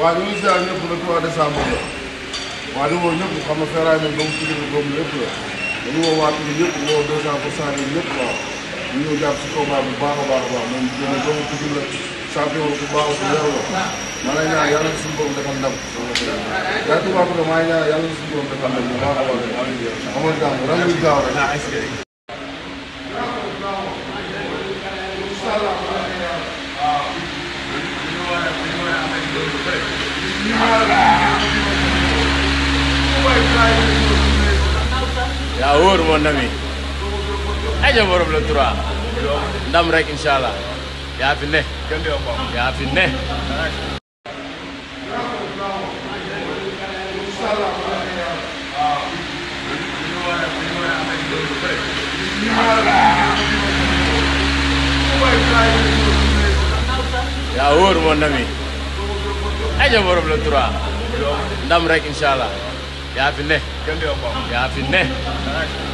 waaw ñu ngi ñëpp le 3 décembre la waaw di woo ñëpp xam nga feeraay nañ ba mu tudd doom yëpp la dañu woo waa tudd yëpp woo 200 pour cent yi ñëpp waaw ñu ñëw jàpp si combat bu baax a baax a baax moom dina doomu tudd la champion bu baax bu leer la ma lay ñaan yàlla na suñu borom defal ndam yaa ngi wax ko maa ngi ñaan yàlla na suñu borom defal ndam bu baax a baax amal jàmm ren bi gaaw rek daa wóor mon ami aja borom la trois ndam rek incha allah yaa fi ne yaa fi ne yaa wóor mon ami aja borom la trois ndam rek incha allah yaa fi ne. yaa fi ne.